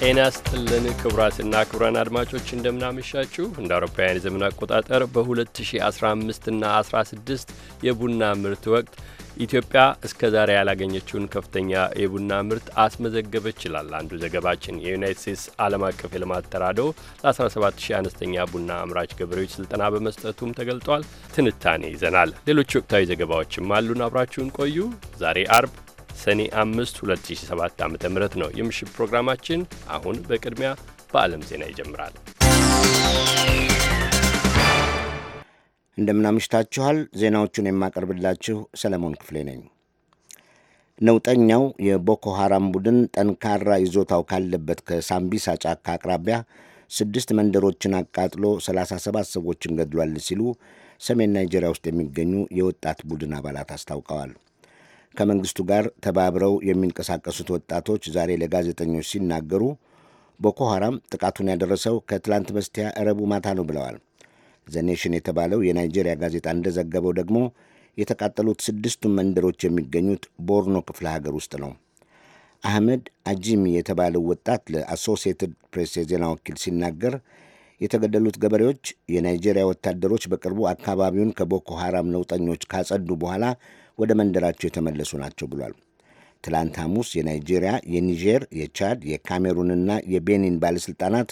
ጤና ስጥልን ክቡራትና ክቡራን አድማጮች እንደምናመሻችሁ። እንደ አውሮፓውያን የዘመን አቆጣጠር በ2015 ና 16 የቡና ምርት ወቅት ኢትዮጵያ እስከ ዛሬ ያላገኘችውን ከፍተኛ የቡና ምርት አስመዘገበች ይላል አንዱ ዘገባችን። የዩናይት ስቴትስ ዓለም አቀፍ የልማት ተራድኦ ለ17 ሺህ አነስተኛ ቡና አምራች ገበሬዎች ስልጠና በመስጠቱም ተገልጧል። ትንታኔ ይዘናል። ሌሎች ወቅታዊ ዘገባዎችም አሉን። አብራችሁን ቆዩ። ዛሬ አርብ ሰኔ 5 2007 ዓ ም ነው የምሽት ፕሮግራማችን። አሁን በቅድሚያ በዓለም ዜና ይጀምራል። እንደምናምሽታችኋል። ዜናዎቹን የማቀርብላችሁ ሰለሞን ክፍሌ ነኝ። ነውጠኛው የቦኮ ሐራም ቡድን ጠንካራ ይዞታው ካለበት ከሳምቢሳ ጫካ አቅራቢያ ስድስት መንደሮችን አቃጥሎ 37 ሰዎችን ገድሏል ሲሉ ሰሜን ናይጄሪያ ውስጥ የሚገኙ የወጣት ቡድን አባላት አስታውቀዋል። ከመንግስቱ ጋር ተባብረው የሚንቀሳቀሱት ወጣቶች ዛሬ ለጋዜጠኞች ሲናገሩ ቦኮ ሐራም ጥቃቱን ያደረሰው ከትላንት በስቲያ እረቡ ማታ ነው ብለዋል። ዘኔሽን የተባለው የናይጄሪያ ጋዜጣ እንደዘገበው ደግሞ የተቃጠሉት ስድስቱ መንደሮች የሚገኙት ቦርኖ ክፍለ ሀገር ውስጥ ነው። አህመድ አጂሚ የተባለው ወጣት ለአሶሲየትድ ፕሬስ የዜና ወኪል ሲናገር የተገደሉት ገበሬዎች የናይጄሪያ ወታደሮች በቅርቡ አካባቢውን ከቦኮ ሐራም ነውጠኞች ካጸዱ በኋላ ወደ መንደራቸው የተመለሱ ናቸው ብሏል። ትላንት ሐሙስ የናይጄሪያ፣ የኒጀር፣ የቻድ፣ የካሜሩንና የቤኒን ባለሥልጣናት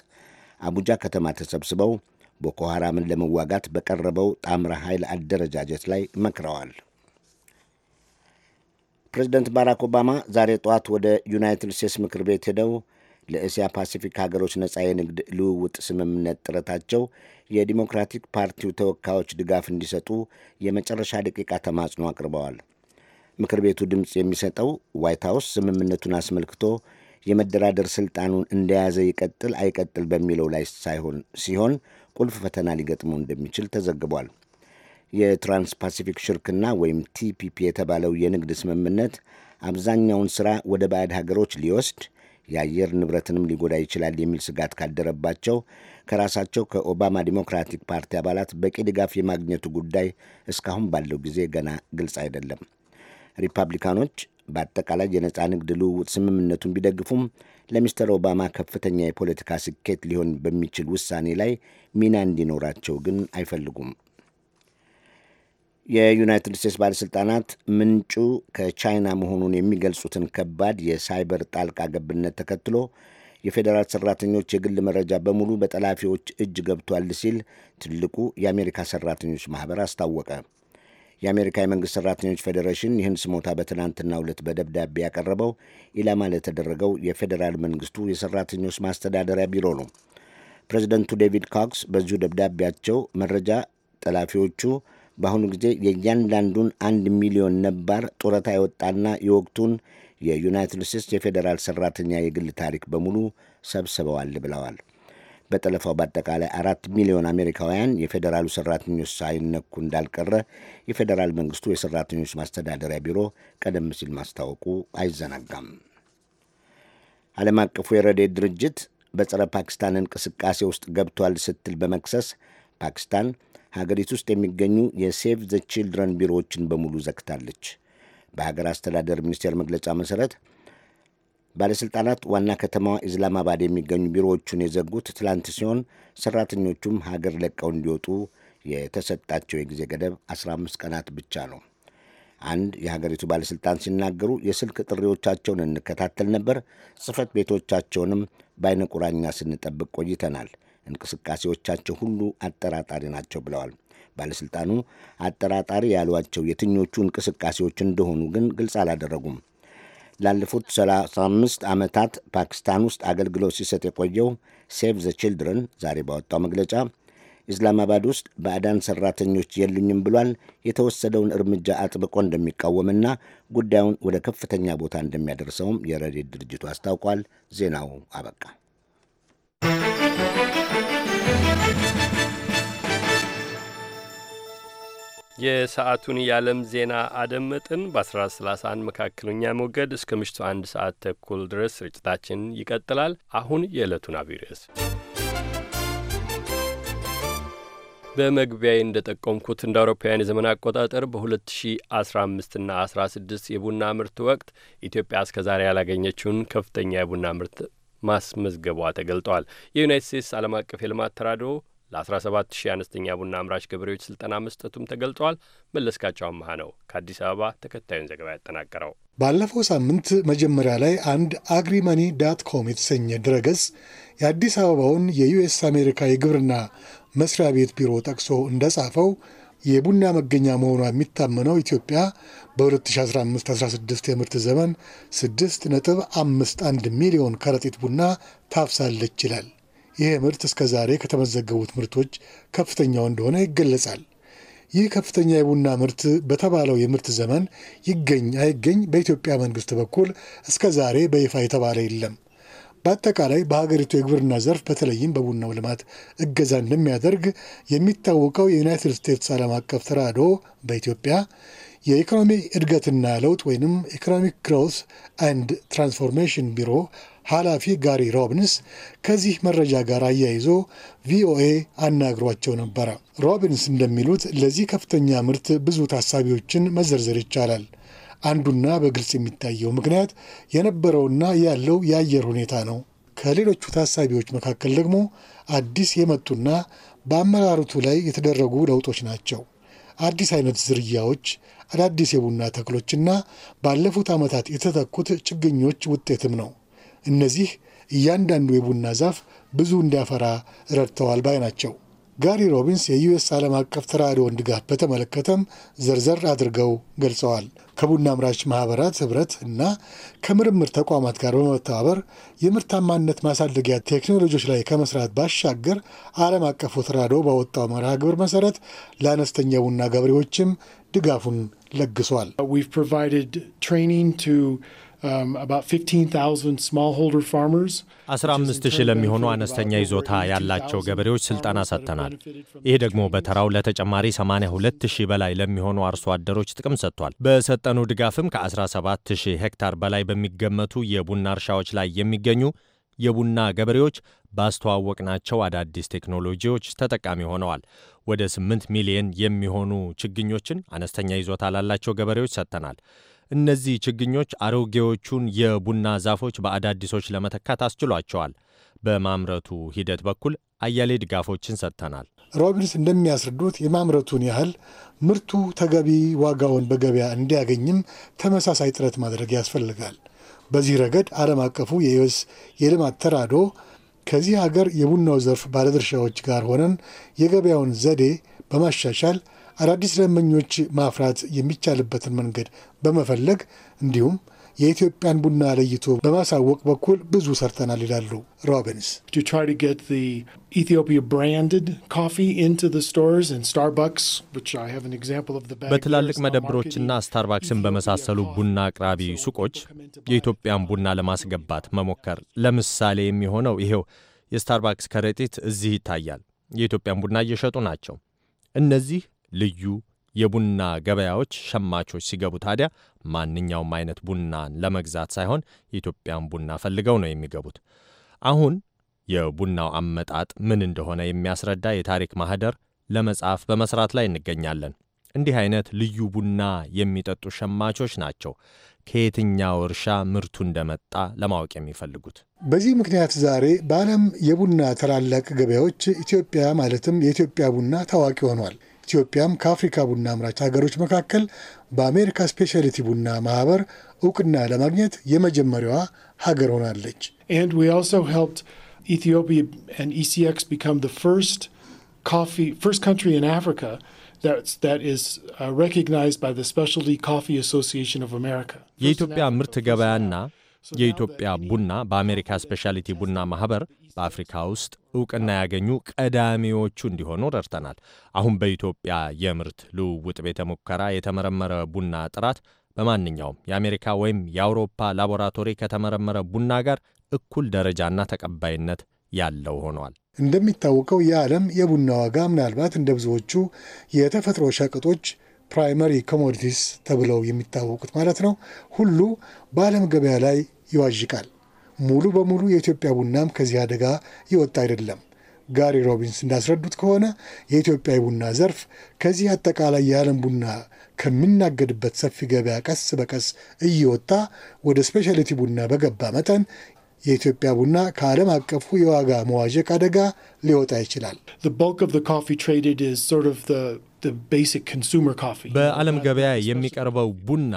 አቡጃ ከተማ ተሰብስበው ቦኮ ሐራምን ለመዋጋት በቀረበው ጣምራ ኃይል አደረጃጀት ላይ መክረዋል። ፕሬዚደንት ባራክ ኦባማ ዛሬ ጠዋት ወደ ዩናይትድ ስቴትስ ምክር ቤት ሄደው ለእስያ ፓሲፊክ ሀገሮች ነጻ የንግድ ልውውጥ ስምምነት ጥረታቸው የዲሞክራቲክ ፓርቲው ተወካዮች ድጋፍ እንዲሰጡ የመጨረሻ ደቂቃ ተማጽኖ አቅርበዋል። ምክር ቤቱ ድምፅ የሚሰጠው ዋይት ሀውስ ስምምነቱን አስመልክቶ የመደራደር ስልጣኑን እንደያዘ ይቀጥል አይቀጥል በሚለው ላይ ሳይሆን ሲሆን ቁልፍ ፈተና ሊገጥመው እንደሚችል ተዘግቧል። የትራንስ ፓሲፊክ ሽርክና ወይም ቲፒፒ የተባለው የንግድ ስምምነት አብዛኛውን ሥራ ወደ ባዕድ ሀገሮች ሊወስድ የአየር ንብረትንም ሊጎዳ ይችላል የሚል ስጋት ካደረባቸው ከራሳቸው ከኦባማ ዲሞክራቲክ ፓርቲ አባላት በቂ ድጋፍ የማግኘቱ ጉዳይ እስካሁን ባለው ጊዜ ገና ግልጽ አይደለም። ሪፐብሊካኖች በአጠቃላይ የነፃ ንግድ ልውውጥ ስምምነቱን ቢደግፉም ለሚስተር ኦባማ ከፍተኛ የፖለቲካ ስኬት ሊሆን በሚችል ውሳኔ ላይ ሚና እንዲኖራቸው ግን አይፈልጉም። የዩናይትድ ስቴትስ ባለሥልጣናት ምንጩ ከቻይና መሆኑን የሚገልጹትን ከባድ የሳይበር ጣልቃ ገብነት ተከትሎ የፌዴራል ሰራተኞች የግል መረጃ በሙሉ በጠላፊዎች እጅ ገብቷል ሲል ትልቁ የአሜሪካ ሰራተኞች ማኅበር አስታወቀ። የአሜሪካ የመንግሥት ሠራተኞች ፌዴሬሽን ይህን ስሞታ በትናንትና ዕለት በደብዳቤ ያቀረበው ኢላማ ለተደረገው የፌዴራል መንግሥቱ የሠራተኞች ማስተዳደሪያ ቢሮ ነው። ፕሬዚደንቱ ዴቪድ ኮክስ በዚሁ ደብዳቤያቸው መረጃ ጠላፊዎቹ በአሁኑ ጊዜ የእያንዳንዱን አንድ ሚሊዮን ነባር ጡረታ የወጣና የወቅቱን የዩናይትድ ስቴትስ የፌዴራል ሰራተኛ የግል ታሪክ በሙሉ ሰብስበዋል ብለዋል። በጠለፋው በአጠቃላይ አራት ሚሊዮን አሜሪካውያን የፌዴራሉ ሰራተኞች ሳይነኩ እንዳልቀረ የፌዴራል መንግስቱ የሰራተኞች ማስተዳደሪያ ቢሮ ቀደም ሲል ማስታወቁ አይዘናጋም። ዓለም አቀፉ የረድኤት ድርጅት በጸረ ፓኪስታን እንቅስቃሴ ውስጥ ገብቷል ስትል በመክሰስ ፓኪስታን ሀገሪቱ ውስጥ የሚገኙ የሴቭ ዘ ቺልድረን ቢሮዎችን በሙሉ ዘግታለች። በሀገር አስተዳደር ሚኒስቴር መግለጫ መሠረት ባለሥልጣናት ዋና ከተማዋ ኢስላማባድ የሚገኙ ቢሮዎቹን የዘጉት ትላንት ሲሆን ሠራተኞቹም ሀገር ለቀው እንዲወጡ የተሰጣቸው የጊዜ ገደብ 15 ቀናት ብቻ ነው። አንድ የሀገሪቱ ባለሥልጣን ሲናገሩ የስልክ ጥሪዎቻቸውን እንከታተል ነበር፣ ጽህፈት ቤቶቻቸውንም በአይነ ቁራኛ ስንጠብቅ ቆይተናል። እንቅስቃሴዎቻቸው ሁሉ አጠራጣሪ ናቸው ብለዋል። ባለሥልጣኑ አጠራጣሪ ያሏቸው የትኞቹ እንቅስቃሴዎች እንደሆኑ ግን ግልጽ አላደረጉም። ላለፉት 35 ዓመታት ፓኪስታን ውስጥ አገልግሎት ሲሰጥ የቆየው ሴቭ ዘ ችልድረን ዛሬ ባወጣው መግለጫ ኢስላማባድ ውስጥ ባዕዳን ሠራተኞች የሉኝም ብሏል። የተወሰደውን እርምጃ አጥብቆ እንደሚቃወምና ጉዳዩን ወደ ከፍተኛ ቦታ እንደሚያደርሰውም የረድኤት ድርጅቱ አስታውቋል። ዜናው አበቃ። የሰዓቱን የዓለም ዜና አደመጥን። በ1131 መካከለኛ ሞገድ እስከ ምሽቱ አንድ ሰዓት ተኩል ድረስ ስርጭታችን ይቀጥላል። አሁን የዕለቱን አብይ ርዕስ እንደ ጠቆምኩት እንደ አውሮፓውያን የዘመን አቆጣጠር በ2015 ና 16 የቡና ምርት ወቅት ኢትዮጵያ እስከ ዛሬ ያላገኘችውን ከፍተኛ የቡና ምርት ማስመዝገቧ ተገልጧል። የዩናይት ስቴትስ ዓለም አቀፍ የልማት ተራድኦ ለ17 ሺህ አነስተኛ ቡና አምራች ገበሬዎች ስልጠና መስጠቱም ተገልጧል። መለስካቸው አመሀ ነው ከአዲስ አበባ ተከታዩን ዘገባ ያጠናቀረው። ባለፈው ሳምንት መጀመሪያ ላይ አንድ አግሪመኒ ዳት ኮም የተሰኘ ድረገጽ የአዲስ አበባውን የዩኤስ አሜሪካ የግብርና መስሪያ ቤት ቢሮ ጠቅሶ እንደጻፈው የቡና መገኛ መሆኗ የሚታመነው ኢትዮጵያ በ2015/16 የምርት ዘመን 6.51 ሚሊዮን ከረጢት ቡና ታፍሳለች ይላል። ይህ ምርት እስከ ዛሬ ከተመዘገቡት ምርቶች ከፍተኛው እንደሆነ ይገለጻል። ይህ ከፍተኛ የቡና ምርት በተባለው የምርት ዘመን ይገኝ አይገኝ በኢትዮጵያ መንግስት በኩል እስከ ዛሬ በይፋ የተባለ የለም። በአጠቃላይ በሀገሪቱ የግብርና ዘርፍ በተለይም በቡናው ልማት እገዛ እንደሚያደርግ የሚታወቀው የዩናይትድ ስቴትስ ዓለም አቀፍ ተራድኦ በኢትዮጵያ የኢኮኖሚ እድገትና ለውጥ ወይም ኢኮኖሚክ ግሮውስ አንድ ትራንስፎርሜሽን ቢሮ ኃላፊ ጋሪ ሮቢንስ ከዚህ መረጃ ጋር አያይዞ ቪኦኤ አናግሯቸው ነበረ። ሮቢንስ እንደሚሉት ለዚህ ከፍተኛ ምርት ብዙ ታሳቢዎችን መዘርዘር ይቻላል። አንዱና በግልጽ የሚታየው ምክንያት የነበረውና ያለው የአየር ሁኔታ ነው። ከሌሎቹ ታሳቢዎች መካከል ደግሞ አዲስ የመጡና በአመራረቱ ላይ የተደረጉ ለውጦች ናቸው። አዲስ አይነት ዝርያዎች፣ አዳዲስ የቡና ተክሎችና ባለፉት ዓመታት የተተኩት ችግኞች ውጤትም ነው። እነዚህ እያንዳንዱ የቡና ዛፍ ብዙ እንዲያፈራ ረድተዋል ባይ ናቸው። ጋሪ ሮቢንስ የዩኤስ ዓለም አቀፍ ተራድኦን ድጋፍ በተመለከተም ዘርዘር አድርገው ገልጸዋል። ከቡና አምራች ማህበራት ህብረት እና ከምርምር ተቋማት ጋር በመተባበር የምርታማነት ማሳደጊያ ቴክኖሎጂዎች ላይ ከመስራት ባሻገር ዓለም አቀፉ ተራድኦ ባወጣው መርሃ ግብር መሰረት ለአነስተኛ ቡና ገበሬዎችም ድጋፉን ለግሷል። Um, አስራ ሺህ ለሚሆኑ አነስተኛ ይዞታ ያላቸው ገበሬዎች ስልጠና ሰጥተናል። ይህ ደግሞ በተራው ለተጨማሪ 82 ሺህ በላይ ለሚሆኑ አርሶ አደሮች ጥቅም ሰጥቷል። በሰጠኑ ድጋፍም ከ17 ሺህ ሄክታር በላይ በሚገመቱ የቡና እርሻዎች ላይ የሚገኙ የቡና ገበሬዎች ባስተዋወቅናቸው አዳዲስ ቴክኖሎጂዎች ተጠቃሚ ሆነዋል። ወደ 8 ሚሊዮን የሚሆኑ ችግኞችን አነስተኛ ይዞታ ላላቸው ገበሬዎች ሰጥተናል። እነዚህ ችግኞች አሮጌዎቹን የቡና ዛፎች በአዳዲሶች ለመተካት አስችሏቸዋል። በማምረቱ ሂደት በኩል አያሌ ድጋፎችን ሰጥተናል። ሮቢንስ እንደሚያስረዱት የማምረቱን ያህል ምርቱ ተገቢ ዋጋውን በገበያ እንዲያገኝም ተመሳሳይ ጥረት ማድረግ ያስፈልጋል። በዚህ ረገድ ዓለም አቀፉ የዩኤስ የልማት ተራድኦ ከዚህ ሀገር የቡናው ዘርፍ ባለድርሻዎች ጋር ሆነን የገበያውን ዘዴ በማሻሻል አዳዲስ ደንበኞች ማፍራት የሚቻልበትን መንገድ በመፈለግ እንዲሁም የኢትዮጵያን ቡና ለይቶ በማሳወቅ በኩል ብዙ ሰርተናል ይላሉ ሮቢንስ። በትላልቅ መደብሮችና ስታርባክስን በመሳሰሉ ቡና አቅራቢ ሱቆች የኢትዮጵያን ቡና ለማስገባት መሞከር ለምሳሌ የሚሆነው ይሄው የስታርባክስ ከረጢት እዚህ ይታያል። የኢትዮጵያን ቡና እየሸጡ ናቸው። እነዚህ ልዩ የቡና ገበያዎች ሸማቾች ሲገቡ ታዲያ ማንኛውም አይነት ቡናን ለመግዛት ሳይሆን የኢትዮጵያን ቡና ፈልገው ነው የሚገቡት። አሁን የቡናው አመጣጥ ምን እንደሆነ የሚያስረዳ የታሪክ ማህደር ለመጻፍ በመስራት ላይ እንገኛለን። እንዲህ አይነት ልዩ ቡና የሚጠጡ ሸማቾች ናቸው ከየትኛው እርሻ ምርቱ እንደመጣ ለማወቅ የሚፈልጉት። በዚህ ምክንያት ዛሬ በዓለም የቡና ታላላቅ ገበያዎች ኢትዮጵያ ማለትም የኢትዮጵያ ቡና ታዋቂ ሆኗል። ኢትዮጵያም ከአፍሪካ ቡና አምራች ሀገሮች መካከል በአሜሪካ ስፔሻሊቲ ቡና ማህበር እውቅና ለማግኘት የመጀመሪያዋ ሀገር ሆናለች። e uh, የኢትዮጵያ ምርት ገበያና የኢትዮጵያ ቡና በአሜሪካ ስፔሻሊቲ ቡና ማህበር በአፍሪካ ውስጥ እውቅና ያገኙ ቀዳሚዎቹ እንዲሆኑ ረድተናል። አሁን በኢትዮጵያ የምርት ልውውጥ ቤተ ሙከራ የተመረመረ ቡና ጥራት በማንኛውም የአሜሪካ ወይም የአውሮፓ ላቦራቶሪ ከተመረመረ ቡና ጋር እኩል ደረጃና ተቀባይነት ያለው ሆኗል። እንደሚታወቀው የዓለም የቡና ዋጋ ምናልባት እንደ ብዙዎቹ የተፈጥሮ ሸቀጦች ፕራይመሪ ኮሞዲቲስ ተብለው የሚታወቁት ማለት ነው ሁሉ በዓለም ገበያ ላይ ይዋዥቃል። ሙሉ በሙሉ የኢትዮጵያ ቡናም ከዚህ አደጋ የወጣ አይደለም። ጋሪ ሮቢንስ እንዳስረዱት ከሆነ የኢትዮጵያ የቡና ዘርፍ ከዚህ አጠቃላይ የዓለም ቡና ከሚናገድበት ሰፊ ገበያ ቀስ በቀስ እየወጣ ወደ ስፔሻሊቲ ቡና በገባ መጠን የኢትዮጵያ ቡና ከዓለም አቀፉ የዋጋ መዋዠቅ አደጋ ሊወጣ ይችላል። በዓለም ገበያ የሚቀርበው ቡና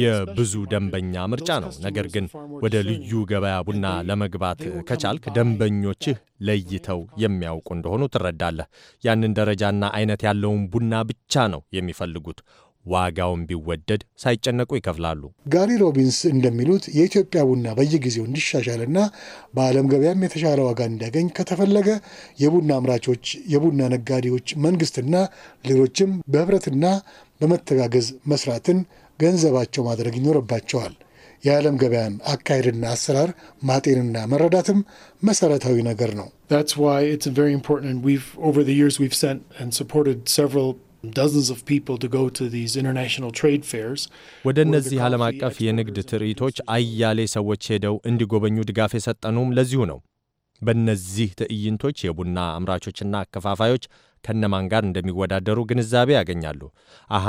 የብዙ ደንበኛ ምርጫ ነው። ነገር ግን ወደ ልዩ ገበያ ቡና ለመግባት ከቻልክ ደንበኞችህ ለይተው የሚያውቁ እንደሆኑ ትረዳለህ። ያንን ደረጃና አይነት ያለውን ቡና ብቻ ነው የሚፈልጉት። ዋጋውን ቢወደድ ሳይጨነቁ ይከፍላሉ። ጋሪ ሮቢንስ እንደሚሉት የኢትዮጵያ ቡና በየጊዜው እንዲሻሻልና በዓለም ገበያም የተሻለ ዋጋ እንዲያገኝ ከተፈለገ የቡና አምራቾች፣ የቡና ነጋዴዎች፣ መንግስትና ሌሎችም በህብረትና በመተጋገዝ መስራትን ገንዘባቸው ማድረግ ይኖርባቸዋል። የዓለም ገበያን አካሄድና አሰራር ማጤንና መረዳትም መሰረታዊ ነገር ነው። That's why it's very important. We've over the years we've sent and supported several ወደ እነዚህ ዓለም አቀፍ የንግድ ትርኢቶች አያሌ ሰዎች ሄደው እንዲጎበኙ ድጋፍ የሰጠኑም ለዚሁ ነው። በእነዚህ ትዕይንቶች የቡና አምራቾችና አከፋፋዮች ከነማን ጋር እንደሚወዳደሩ ግንዛቤ ያገኛሉ። አሃ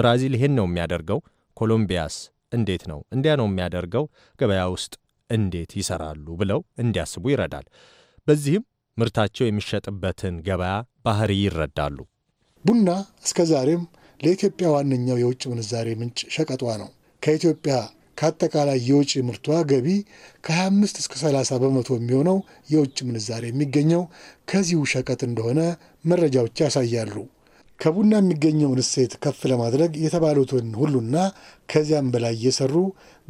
ብራዚል ይሄን ነው የሚያደርገው፣ ኮሎምቢያስ እንዴት ነው እንዲያ ነው የሚያደርገው፣ ገበያ ውስጥ እንዴት ይሰራሉ ብለው እንዲያስቡ ይረዳል። በዚህም ምርታቸው የሚሸጥበትን ገበያ ባህሪ ይረዳሉ። ቡና እስከ ዛሬም ለኢትዮጵያ ዋነኛው የውጭ ምንዛሬ ምንጭ ሸቀጧ ነው። ከኢትዮጵያ ከአጠቃላይ የውጭ ምርቷ ገቢ ከ25 እስከ 30 በመቶ የሚሆነው የውጭ ምንዛሬ የሚገኘው ከዚሁ ሸቀጥ እንደሆነ መረጃዎች ያሳያሉ። ከቡና የሚገኘውን እሴት ከፍ ለማድረግ የተባሉትን ሁሉና ከዚያም በላይ እየሰሩ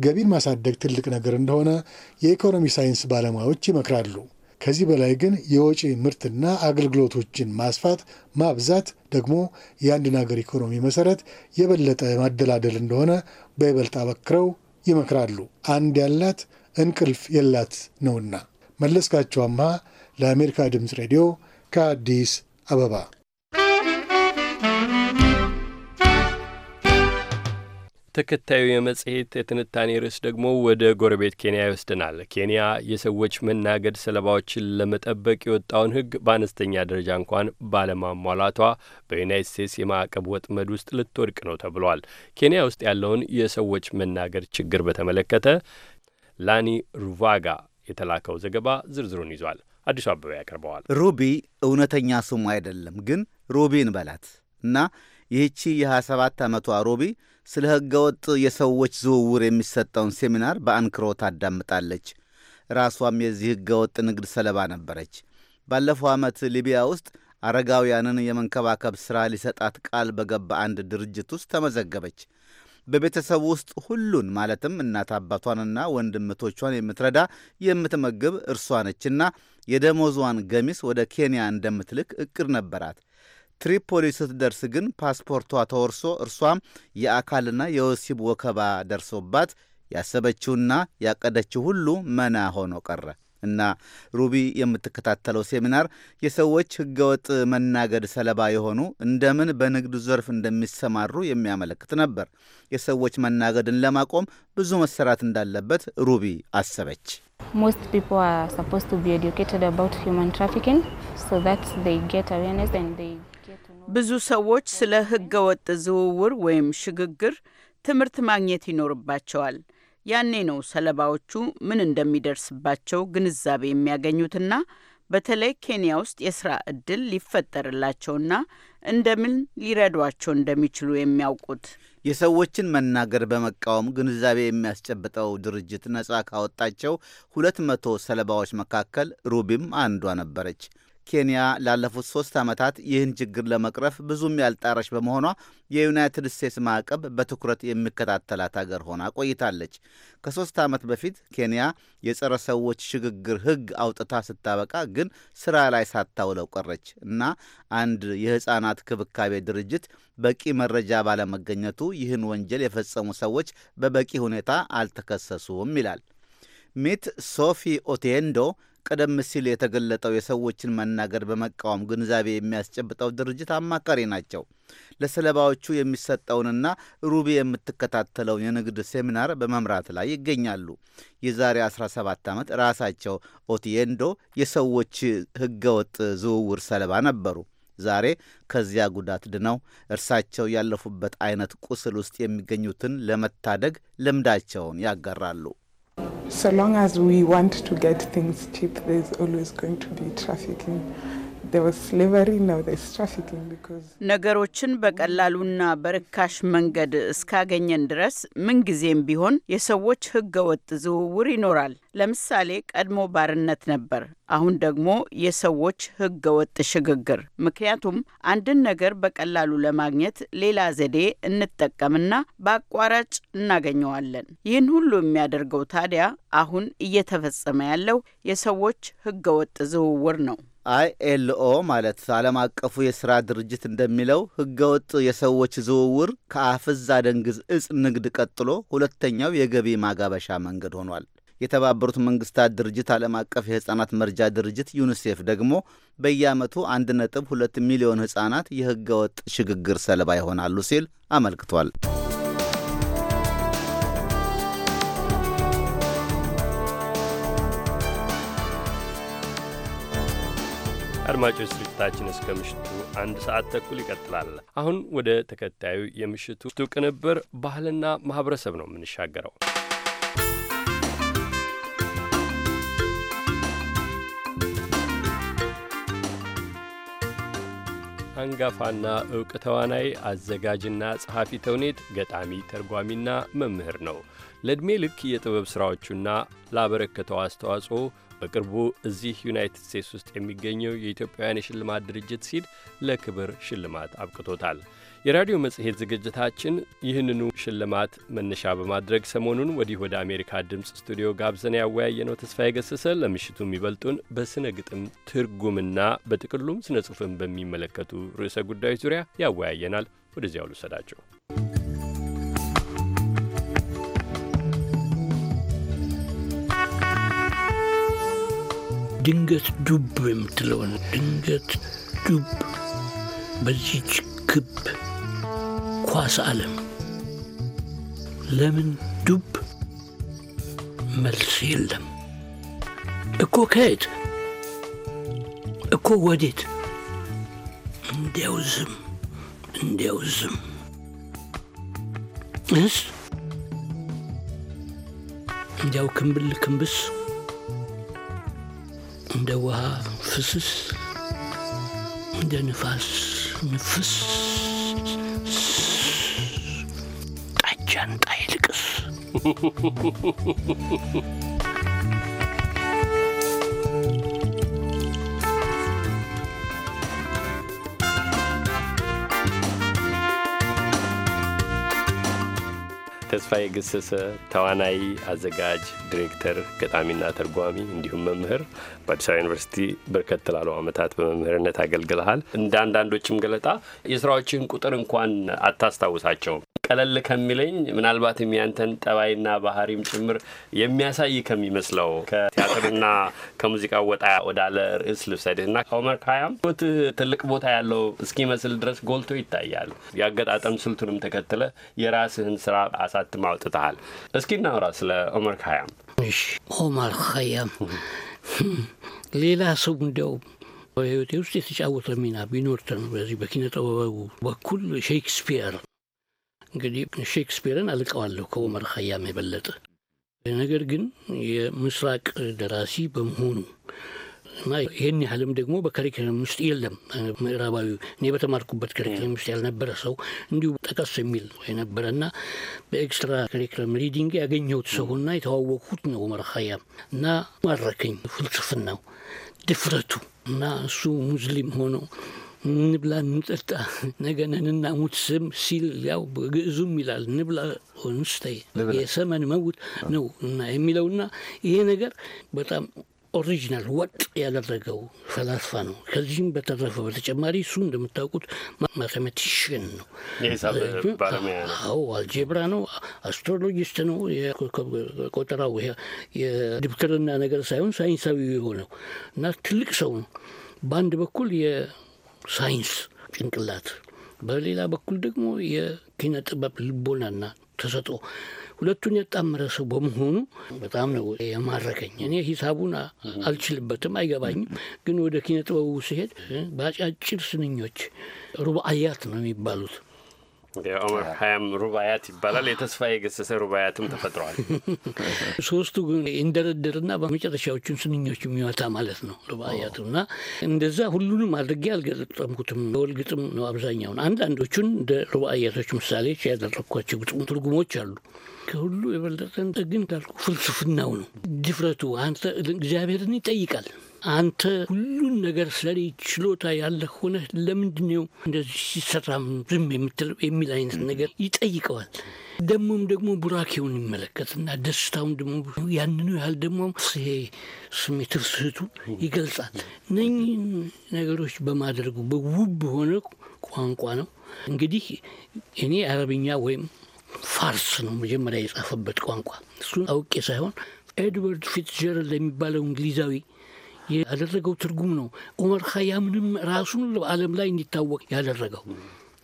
ገቢን ማሳደግ ትልቅ ነገር እንደሆነ የኢኮኖሚ ሳይንስ ባለሙያዎች ይመክራሉ። ከዚህ በላይ ግን የወጪ ምርትና አገልግሎቶችን ማስፋት ማብዛት ደግሞ የአንድን ሀገር ኢኮኖሚ መሰረት የበለጠ ማደላደል እንደሆነ በይበልጥ አበክረው ይመክራሉ። አንድ ያላት እንቅልፍ የላት ነውና። መለስካቸው አምሃ ለአሜሪካ ድምፅ ሬዲዮ ከአዲስ አበባ ተከታዩ የመጽሔት የትንታኔ ርዕስ ደግሞ ወደ ጎረቤት ኬንያ ይወስደናል። ኬንያ የሰዎች መናገድ ሰለባዎችን ለመጠበቅ የወጣውን ሕግ በአነስተኛ ደረጃ እንኳን ባለማሟላቷ በዩናይት ስቴትስ የማዕቀብ ወጥመድ ውስጥ ልትወድቅ ነው ተብሏል። ኬንያ ውስጥ ያለውን የሰዎች መናገድ ችግር በተመለከተ ላኒ ሩቫጋ የተላከው ዘገባ ዝርዝሩን ይዟል። አዲሱ አበባ ያቀርበዋል። ሩቢ እውነተኛ ስሙ አይደለም፣ ግን ሩቢን በላት እና ይህቺ የ27 ዓመቷ ሩቢ ስለ ህገወጥ የሰዎች ዝውውር የሚሰጠውን ሴሚናር በአንክሮ ታዳምጣለች። ራሷም የዚህ ህገወጥ ንግድ ሰለባ ነበረች። ባለፈው ዓመት ሊቢያ ውስጥ አረጋውያንን የመንከባከብ ሥራ ሊሰጣት ቃል በገባ አንድ ድርጅት ውስጥ ተመዘገበች። በቤተሰቡ ውስጥ ሁሉን ማለትም እናት አባቷንና ወንድምቶቿን የምትረዳ የምትመግብ እርሷ ነችና የደሞዟን ገሚስ ወደ ኬንያ እንደምትልክ እቅድ ነበራት። ትሪፖሊ ስትደርስ ግን ፓስፖርቷ ተወርሶ እርሷም የአካልና የወሲብ ወከባ ደርሶባት ያሰበችውና ያቀደችው ሁሉ መና ሆኖ ቀረ እና ሩቢ የምትከታተለው ሴሚናር የሰዎች ህገወጥ መናገድ ሰለባ የሆኑ እንደምን በንግዱ ዘርፍ እንደሚሰማሩ የሚያመለክት ነበር። የሰዎች መናገድን ለማቆም ብዙ መሰራት እንዳለበት ሩቢ አሰበች። ብዙ ሰዎች ስለ ህገወጥ ዝውውር ወይም ሽግግር ትምህርት ማግኘት ይኖርባቸዋል። ያኔ ነው ሰለባዎቹ ምን እንደሚደርስባቸው ግንዛቤ የሚያገኙትና በተለይ ኬንያ ውስጥ የስራ እድል ሊፈጠርላቸውና እንደምን ሊረዷቸው እንደሚችሉ የሚያውቁት። የሰዎችን መናገር በመቃወም ግንዛቤ የሚያስጨብጠው ድርጅት ነጻ ካወጣቸው ሁለት መቶ ሰለባዎች መካከል ሩቢም አንዷ ነበረች። ኬንያ ላለፉት ሶስት ዓመታት ይህን ችግር ለመቅረፍ ብዙም ያልጣረች በመሆኗ የዩናይትድ ስቴትስ ማዕቀብ በትኩረት የሚከታተላት አገር ሆና ቆይታለች። ከሶስት ዓመት በፊት ኬንያ የጸረ ሰዎች ሽግግር ሕግ አውጥታ ስታበቃ ግን ስራ ላይ ሳታውለው ቀረች እና አንድ የሕፃናት ክብካቤ ድርጅት በቂ መረጃ ባለመገኘቱ ይህን ወንጀል የፈጸሙ ሰዎች በበቂ ሁኔታ አልተከሰሱም ይላል። ሚት ሶፊ ኦቴንዶ ቀደም ሲል የተገለጠው የሰዎችን መናገር በመቃወም ግንዛቤ የሚያስጨብጠው ድርጅት አማካሪ ናቸው። ለሰለባዎቹ የሚሰጠውንና ሩቢ የምትከታተለውን የንግድ ሴሚናር በመምራት ላይ ይገኛሉ። የዛሬ 17 ዓመት ራሳቸው ኦቲየንዶ የሰዎች ህገወጥ ዝውውር ሰለባ ነበሩ። ዛሬ ከዚያ ጉዳት ድነው እርሳቸው ያለፉበት አይነት ቁስል ውስጥ የሚገኙትን ለመታደግ ልምዳቸውን ያጋራሉ። So long as we want to get things cheap, there's always going to be trafficking. ነገሮችን በቀላሉና በርካሽ መንገድ እስካገኘን ድረስ ምንጊዜም ቢሆን የሰዎች ህገወጥ ዝውውር ይኖራል። ለምሳሌ ቀድሞ ባርነት ነበር። አሁን ደግሞ የሰዎች ህገወጥ ሽግግር። ምክንያቱም አንድን ነገር በቀላሉ ለማግኘት ሌላ ዘዴ እንጠቀምና በአቋራጭ እናገኘዋለን። ይህን ሁሉ የሚያደርገው ታዲያ አሁን እየተፈጸመ ያለው የሰዎች ህገወጥ ዝውውር ነው። አይኤልኦ ማለት ዓለም አቀፉ የሥራ ድርጅት እንደሚለው ህገወጥ የሰዎች ዝውውር ከአፍዝ አደንግዝ እጽ ንግድ ቀጥሎ ሁለተኛው የገቢ ማጋበሻ መንገድ ሆኗል። የተባበሩት መንግስታት ድርጅት ዓለም አቀፍ የሕፃናት መርጃ ድርጅት ዩኒሴፍ ደግሞ በየዓመቱ 1.2 ሚሊዮን ሕፃናት የሕገወጥ ሽግግር ሰለባ ይሆናሉ ሲል አመልክቷል። አድማጮች ስርጭታችን እስከ ምሽቱ አንድ ሰዓት ተኩል ይቀጥላል። አሁን ወደ ተከታዩ የምሽቱ ቅንብር ባህልና ማኅበረሰብ ነው የምንሻገረው። አንጋፋና እውቅ ተዋናይ፣ አዘጋጅና ጸሐፊ ተውኔት፣ ገጣሚ፣ ተርጓሚና መምህር ነው። ለዕድሜ ልክ የጥበብ ሥራዎቹና ላበረከተው አስተዋጽኦ በቅርቡ እዚህ ዩናይትድ ስቴትስ ውስጥ የሚገኘው የኢትዮጵያውያን የሽልማት ድርጅት ሲድ ለክብር ሽልማት አብቅቶታል። የራዲዮ መጽሔት ዝግጅታችን ይህንኑ ሽልማት መነሻ በማድረግ ሰሞኑን ወዲህ ወደ አሜሪካ ድምፅ ስቱዲዮ ጋብዘን ያወያየ ነው ተስፋ የገሰሰ ለምሽቱ የሚበልጡን በስነ ግጥም ትርጉምና በጥቅሉም ስነ ጽሑፍን በሚመለከቱ ርዕሰ ጉዳዮች ዙሪያ ያወያየናል። ወደዚያው ልውሰዳቸው። ድንገት ዱብ የምትለውን ድንገት ዱብ በዚች ክብ كواس ألم لمن دب ملسيل لم اكو كيت اكو وديت نديوزم نديوزم نس نديو كمبل كمبس ندوها فسس ندنفاس نفاس نفس. ተስፋዬ ገሰሰ ተዋናይ፣ አዘጋጅ፣ ዲሬክተር፣ ገጣሚና ተርጓሚ እንዲሁም መምህር በአዲስ አበባ ዩኒቨርሲቲ በርከት ላሉ ዓመታት በመምህርነት አገልግልሃል። እንደ አንዳንዶችም ገለጣ የስራዎችን ቁጥር እንኳን አታስታውሳቸውም። ቀለል ከሚለኝ ምናልባትም ያንተን ጠባይና ባህሪም ጭምር የሚያሳይ ከሚመስለው ከቲያትርና ከሙዚቃ ወጣ ወዳለ ርዕስ ና ኦመር ካያም ት ትልቅ ቦታ ያለው እስኪመስል ድረስ ጎልቶ ይታያል። የአገጣጠም ስልቱንም ተከትለ የራስህን ስራ አሳትማ አውጥተሃል። እስኪ እናውራ ስለ ኦመር ካያም። ኦመር ካያም ሌላ ሰው እንዲያው በህይወቴ ውስጥ የተጫወተ ሚና ቢኖርተን በዚህ በኪነ ጥበቡ በኩል ሼክስፒየር እንግዲህ ሼክስፒርን አልቀዋለሁ ከኦመር ኸያም የበለጠ ነገር ግን የምስራቅ ደራሲ በመሆኑ እና ይህን ያህልም ደግሞ በከሪክለም ውስጥ የለም። ምዕራባዊ እኔ በተማርኩበት ከሪክለም ውስጥ ያልነበረ ሰው እንዲሁ ጠቀስ የሚል ና በኤክስትራ ከሪክለም ሪዲንግ ያገኘሁት ሰውና የተዋወቅሁት ነው ኦመር ኸያም እና ማረከኝ ፍልስፍናው፣ ድፍረቱ እና እሱ ሙስሊም ሆነው እንብላ እንጠጣ ነገነን እናሙት ስም ሲል ያው ግዕዙም ይላል ንብላ ንስተይ የሰመን መውት ነው እና የሚለውና ይሄ ነገር በጣም ኦሪጂናል ወጥ ያደረገው ፈላስፋ ነው። ከዚህም በተረፈ በተጨማሪ እሱ እንደምታውቁት ማቴማቲሽን ነው፣ አዎ አልጀብራ ነው፣ አስትሮሎጂስት ነው። ቆጠራው የድብትርና ነገር ሳይሆን ሳይንሳዊ የሆነው እና ትልቅ ሰው ነው። በአንድ በኩል ሳይንስ ጭንቅላት፣ በሌላ በኩል ደግሞ የኪነ ጥበብ ልቦናና ተሰጥኦ ሁለቱን ያጣመረ ሰው በመሆኑ በጣም ነው የማረከኝ። እኔ ሂሳቡን አልችልበትም፣ አይገባኝም። ግን ወደ ኪነ ጥበቡ ሲሄድ በአጫጭር ስንኞች ሩብአያት ነው የሚባሉት የኦመር ሀያም ሩባያት ይባላል። የተስፋዬ ገሰሰ ሩባያትም ተፈጥሯል። ሶስቱ ግን እንደረደርና በመጨረሻዎቹን ስንኞች የሚመታ ማለት ነው ሩባያቱ እና እንደዛ ሁሉንም አድርጌ አልገጠምኩትም። ወል ግጥም ነው አብዛኛውን። አንዳንዶቹን እንደ ሩባያቶች ምሳሌዎች ያደረግኳቸው ግጥሙ ትርጉሞች አሉ። ከሁሉ የበለጠ ግን ካልኩ ፍልስፍናው ነው ድፍረቱ። አንተ እግዚአብሔርን ይጠይቃል አንተ ሁሉን ነገር ስለኔ ችሎታ ያለ ሆነ ለምንድነው እንደዚህ ሲሰራ ዝም የምትለው የሚል አይነት ነገር ይጠይቀዋል። ደግሞም ደግሞ ቡራኬውን ይመለከትና ደስታውን ደግሞ ያንኑ ያህል ደግሞ ይሄ ስሜት ርስህቱ ይገልጻል። እነኚህን ነገሮች በማድረጉ በውብ ሆነ ቋንቋ ነው እንግዲህ እኔ አረብኛ ወይም ፋርስ ነው መጀመሪያ የጻፈበት ቋንቋ እሱን አውቄ ሳይሆን ኤድዋርድ ፊትጀራልድ የሚባለው እንግሊዛዊ ያደረገው ትርጉም ነው ኦመር ኸያምንም ራሱን በዓለም ላይ እንዲታወቅ ያደረገው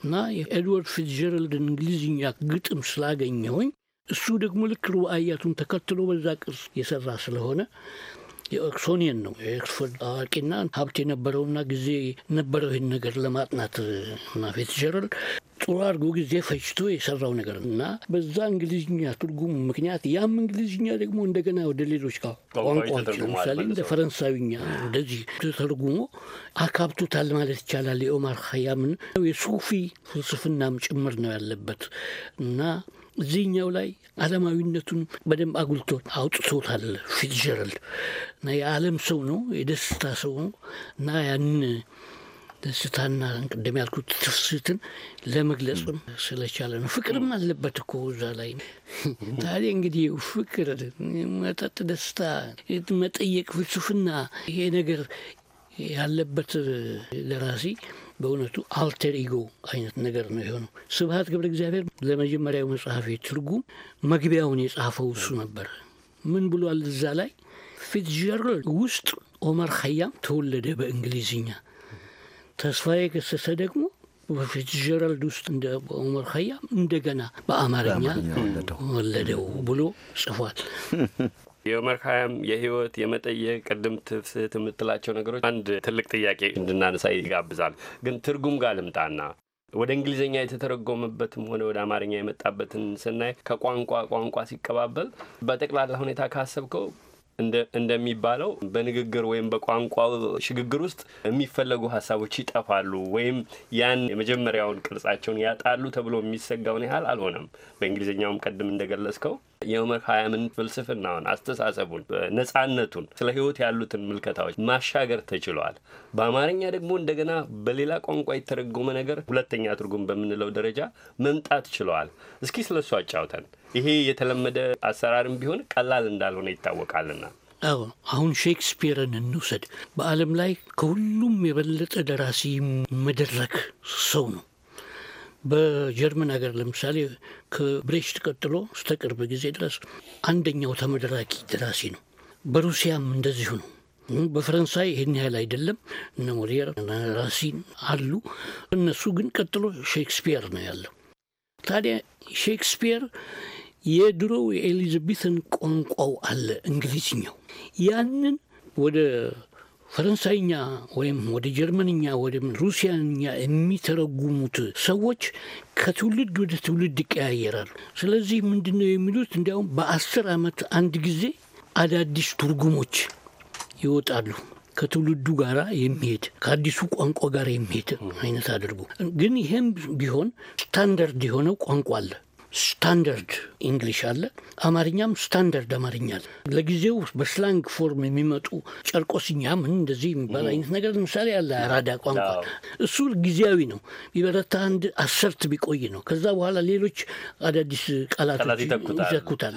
እና የኤድዋርድ ፊትጀራልድ እንግሊዝኛ ግጥም ስላገኘሁኝ እሱ ደግሞ ልክ ሩአያቱን ተከትሎ በዛ ቅርጽ የሰራ ስለሆነ የኦክሶኒየን ነው የኦክስፎርድ አዋቂና ሀብት የነበረውና ጊዜ ነበረው ይህን ነገር ለማጥናት እና ፊትጀራልድ ጥሩ አድርጎ ጊዜ ፈጅቶ የሰራው ነገር እና በዛ እንግሊዝኛ ትርጉሙ ምክንያት ያም እንግሊዝኛ ደግሞ እንደገና ወደ ሌሎች ቋንቋዎች ለምሳሌ እንደ ፈረንሳዊኛ እንደዚህ ተተርጉሞ አካብቶታል ማለት ይቻላል። የኦማር ኸያምን የሱፊ ፍልስፍናም ጭምር ነው ያለበት እና እዚህኛው ላይ ዓለማዊነቱን በደንብ አጉልቶ አውጥቶታል። ፊትጀረል እና የዓለም ሰው ነው፣ የደስታ ሰው ነው እና ያን ደስታና ቅድም ያልኩት ትፍስትን ለመግለጹም ስለቻለ ነው። ፍቅርም አለበት እኮ እዛ ላይ። ታዲያ እንግዲህ ፍቅር፣ መጠጥ፣ ደስታ፣ መጠየቅ፣ ፍልስፍና ይሄ ነገር ያለበት ደራሲ በእውነቱ አልተር ኢጎ አይነት ነገር ነው የሆነው። ስብሐት ገብረ እግዚአብሔር ለመጀመሪያው መጽሐፍ ትርጉም መግቢያውን የጻፈው እሱ ነበር። ምን ብሏል እዛ ላይ? ፊትጀራልድ ውስጥ ኦመር ኸያም ተወለደ በእንግሊዝኛ ተስፋዬ ገሰሰ ደግሞ ጀራልድ ውስጥ እንደ ኦመር ኸያም እንደገና በአማርኛ ወለደው ብሎ ጽፏል። የኦመር ኸያም የህይወት የመጠየቅ ቅድም ትፍስህት የምትላቸው ነገሮች አንድ ትልቅ ጥያቄ እንድናነሳ ይጋብዛል። ግን ትርጉም ጋር ልምጣና ወደ እንግሊዝኛ የተተረጎመበትም ሆነ ወደ አማርኛ የመጣበትን ስናይ ከቋንቋ ቋንቋ ሲቀባበል በጠቅላላ ሁኔታ ካሰብከው እንደሚባለው በንግግር ወይም በቋንቋ ሽግግር ውስጥ የሚፈለጉ ሀሳቦች ይጠፋሉ ወይም ያን የመጀመሪያውን ቅርጻቸውን ያጣሉ ተብሎ የሚሰጋውን ያህል አልሆነም። በእንግሊዝኛውም ቀድም እንደገለጽከው የዑመር ፍልስፍናውን፣ አስተሳሰቡን፣ ነጻነቱን፣ ስለ ህይወት ያሉትን ምልከታዎች ማሻገር ተችሏል። በአማርኛ ደግሞ እንደገና በሌላ ቋንቋ የተረጎመ ነገር ሁለተኛ ትርጉም በምንለው ደረጃ መምጣት ችለዋል። እስኪ ስለ እሱ አጫውተን። ይሄ የተለመደ አሰራርም ቢሆን ቀላል እንዳልሆነ ይታወቃልና። አዎ አሁን ሼክስፒርን እንውሰድ። በዓለም ላይ ከሁሉም የበለጠ ደራሲ መድረክ ሰው ነው። በጀርመን ሀገር ለምሳሌ ከብሬሽት ቀጥሎ እስከ ቅርብ ጊዜ ድረስ አንደኛው ተመደራቂ ደራሲ ነው። በሩሲያም እንደዚሁ ነው። በፈረንሳይ ይህን ያህል አይደለም። እነ ሞሊየር ራሲን አሉ። እነሱ ግን ቀጥሎ ሼክስፒየር ነው ያለው። ታዲያ ሼክስፒየር የድሮው የኤሊዛቤትን ቋንቋው አለ እንግሊዝኛው፣ ያንን ወደ ፈረንሳይኛ ወይም ወደ ጀርመንኛ ወይም ሩሲያኛ የሚተረጉሙት ሰዎች ከትውልድ ወደ ትውልድ ይቀያየራሉ። ስለዚህ ምንድን ነው የሚሉት? እንዲያውም በአስር ዓመት አንድ ጊዜ አዳዲስ ትርጉሞች ይወጣሉ። ከትውልዱ ጋር የሚሄድ ከአዲሱ ቋንቋ ጋር የሚሄድ አይነት አድርጉ። ግን ይሄም ቢሆን ስታንዳርድ የሆነው ቋንቋ አለ። ስታንዳርድ እንግሊሽ አለ፣ አማርኛም ስታንዳርድ አማርኛ አለ። ለጊዜው በስላንግ ፎርም የሚመጡ ጨርቆስኛ ምን እንደዚህ የሚባል አይነት ነገር ለምሳሌ አለ አራዳ ቋንቋ። እሱ ጊዜያዊ ነው፣ ቢበረታ አንድ አሰርት ቢቆይ ነው። ከዛ በኋላ ሌሎች አዳዲስ ቃላቶች ይዘኩታል።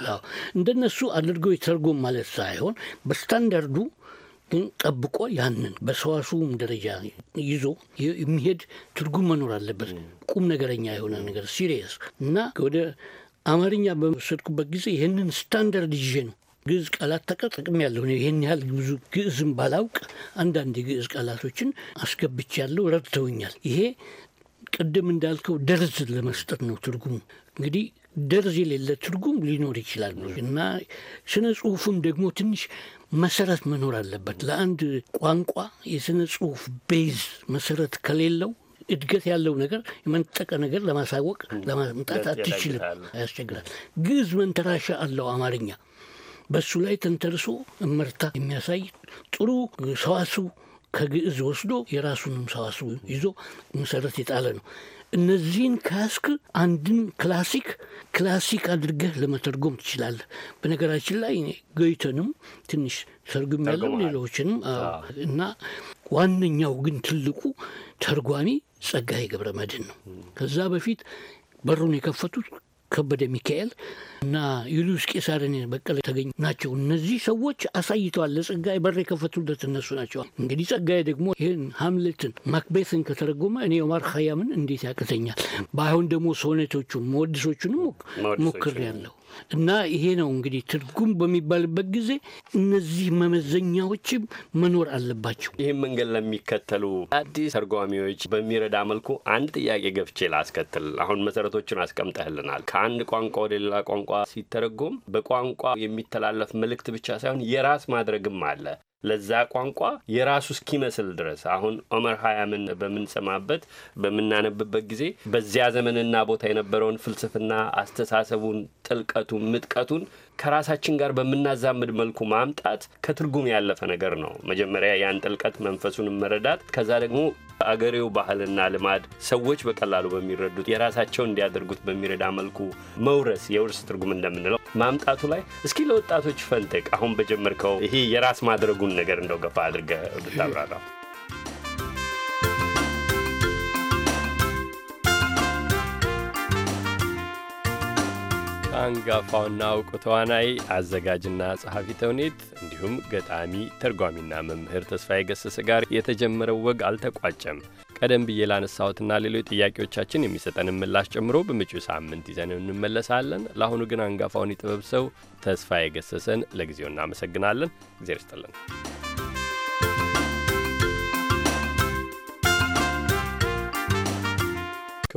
እንደነሱ አድርገው የተርጎም ማለት ሳይሆን በስታንዳርዱ ግን ጠብቆ ያንን በሰዋሱም ደረጃ ይዞ የሚሄድ ትርጉም መኖር አለበት። ቁም ነገረኛ የሆነ ነገር ሲሪየስ እና ወደ አማርኛ በወሰድኩበት ጊዜ ይህንን ስታንዳርድ ይዤ ነው ግዕዝ ቃላት ተጠቅም ያለሁ ይህን ያህል ብዙ ግዕዝም ባላውቅ አንዳንድ የግዕዝ ቃላቶችን አስገብቼ ያለው ረድተውኛል። ይሄ ቅድም እንዳልከው ደርዝ ለመስጠት ነው ትርጉሙ እንግዲህ ደርዝ የሌለ ትርጉም ሊኖር ይችላል እና ስነ ጽሁፍም ደግሞ ትንሽ መሰረት መኖር አለበት። ለአንድ ቋንቋ የስነ ጽሁፍ ቤዝ መሰረት ከሌለው እድገት ያለው ነገር የመንጠቀ ነገር ለማሳወቅ ለማምጣት አትችልም፣ ያስቸግራል። ግዕዝ መንተራሻ አለው አማርኛ በሱ ላይ ተንተርሶ እመርታ የሚያሳይ ጥሩ ሰዋስው ከግዕዝ ወስዶ የራሱንም ሰዋስው ይዞ መሰረት የጣለ ነው። እነዚህን ካስክ አንድን ክላሲክ ክላሲክ አድርገህ ለመተርጎም ትችላለህ። በነገራችን ላይ ገይተንም ትንሽ ተርጉም ያለው ሌሎችንም እና ዋነኛው ግን ትልቁ ተርጓሚ ጸጋዬ ገብረ መድኅን ነው። ከዛ በፊት በሩን የከፈቱት ከበደ ሚካኤል እና ዩልዩስ ቄሳርን በቀለ ተገኙ ናቸው። እነዚህ ሰዎች አሳይተዋል። ለጸጋዬ በር የከፈቱለት እነሱ ናቸው። እንግዲህ ጸጋዬ ደግሞ ይህን ሀምሌትን ማክቤትን ከተረጎመ እኔ ኦማር ኸያምን እንዴት ያቅተኛል? በአሁን ደግሞ ሶኔቶቹን መወድሶቹንም ሞክር ያለው እና ይሄ ነው እንግዲህ ትርጉም በሚባልበት ጊዜ እነዚህ መመዘኛዎችም መኖር አለባቸው። ይህም መንገድ ለሚከተሉ አዲስ ተርጓሚዎች በሚረዳ መልኩ አንድ ጥያቄ ገፍቼ ላስከትል። አሁን መሰረቶችን አስቀምጠህልናል። ከአንድ ቋንቋ ወደ ሌላ ቋንቋ ሲተረጎም በቋንቋ የሚተላለፍ መልእክት ብቻ ሳይሆን የራስ ማድረግም አለ። ለዛ ቋንቋ የራሱ እስኪመስል ድረስ አሁን ኦመር ሀያምን በምንሰማበት በምናነብበት ጊዜ በዚያ ዘመንና ቦታ የነበረውን ፍልስፍና፣ አስተሳሰቡን፣ ጥልቀቱን፣ ምጥቀቱን ከራሳችን ጋር በምናዛምድ መልኩ ማምጣት ከትርጉም ያለፈ ነገር ነው። መጀመሪያ ያን ጥልቀት መንፈሱን መረዳት፣ ከዛ ደግሞ አገሬው ባህልና ልማድ ሰዎች በቀላሉ በሚረዱት የራሳቸው እንዲያደርጉት በሚረዳ መልኩ መውረስ የውርስ ትርጉም እንደምንለው ማምጣቱ ላይ እስኪ ለወጣቶች ፈንጥቅ አሁን በጀመርከው ይሄ የራስ ማድረጉን ነገር እንደው ገፋ አድርገ ብታብራራው። አንጋፋውና እውቁ ተዋናይ አዘጋጅና ጸሐፊ ተውኔት እንዲሁም ገጣሚ ተርጓሚና መምህር ተስፋዬ ገሰሰ ጋር የተጀመረው ወግ አልተቋጨም። ቀደም ብዬ ላነሳሁትና ሌሎች ጥያቄዎቻችን የሚሰጠንን ምላሽ ጨምሮ በመጪው ሳምንት ይዘን እንመለሳለን። ለአሁኑ ግን አንጋፋውን የጥበብ ሰው ተስፋዬ ገሰሰን ለጊዜው እናመሰግናለን። እግዜር ይስጥልን።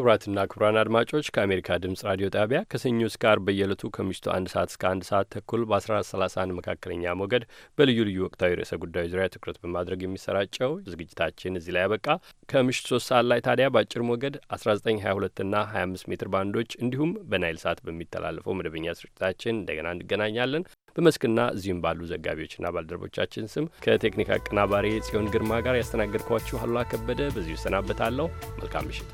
ክቡራትና ክቡራን አድማጮች ከአሜሪካ ድምጽ ራዲዮ ጣቢያ ከሰኞ እስከ አርብ በየዕለቱ ከምሽቱ አንድ ሰዓት እስከ አንድ ሰዓት ተኩል በ1431 መካከለኛ ሞገድ በልዩ ልዩ ወቅታዊ ርዕሰ ጉዳዮች ዙሪያ ትኩረት በማድረግ የሚሰራጨው ዝግጅታችን እዚህ ላይ ያበቃ። ከምሽቱ ሶስት ሰዓት ላይ ታዲያ በአጭር ሞገድ 1922ና 25 ሜትር ባንዶች እንዲሁም በናይል ሰዓት በሚተላለፈው መደበኛ ስርጭታችን እንደገና እንገናኛለን። በመስክና እዚሁም ባሉ ዘጋቢዎችና ባልደረቦቻችን ስም ከቴክኒክ አቀናባሪ ጽዮን ግርማ ጋር ያስተናገድኳችሁ አሉላ ከበደ በዚሁ ይሰናበታለሁ። መልካም ምሽት።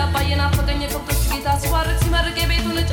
ገባ የናፈቀኝ ከብቶች ጌታ ሲዋርቅ ሲመርቅ የቤቱን ጫ